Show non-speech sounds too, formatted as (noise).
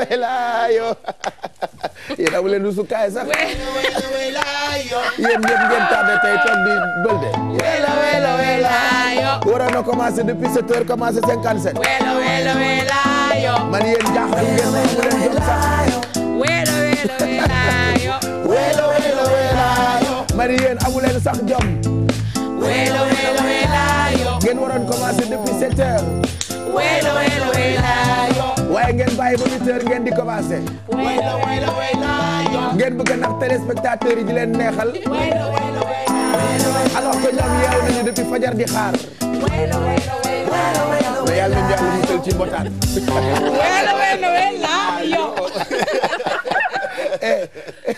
waylaayo (laughs) yéen amu leen rusu kaay sax. waylaayo. yéen ñëpp ngeen tardé tey toog di bël de. wayla wayla waylaayo. waroon na commencé depuis sept heures commencé cinquante sept. wayla wayla waylaayo. man yéen jaaxal ngeen ne mu leen jóg sax. wayla wayla waylaayo. wayla wayla waylaayo. man yéen amu leen sax jom. wayla wayla waylaayo. ngeen waroon commencé depuis sept heures. waaye ngeen bàyyi ba huit heures ngeen di commencé. wayla wayla wayla ngeen bëgg a nax téléspectateur yi di leen neexal. wayla wayla wayla alors que ñoom yeewu nañu depuis fajar di xaar. wayla wayla wayla mais yàlla nañu yàlla musal ci mbotaan. wayla wayla wayla yo. (laughs) Eh, eh.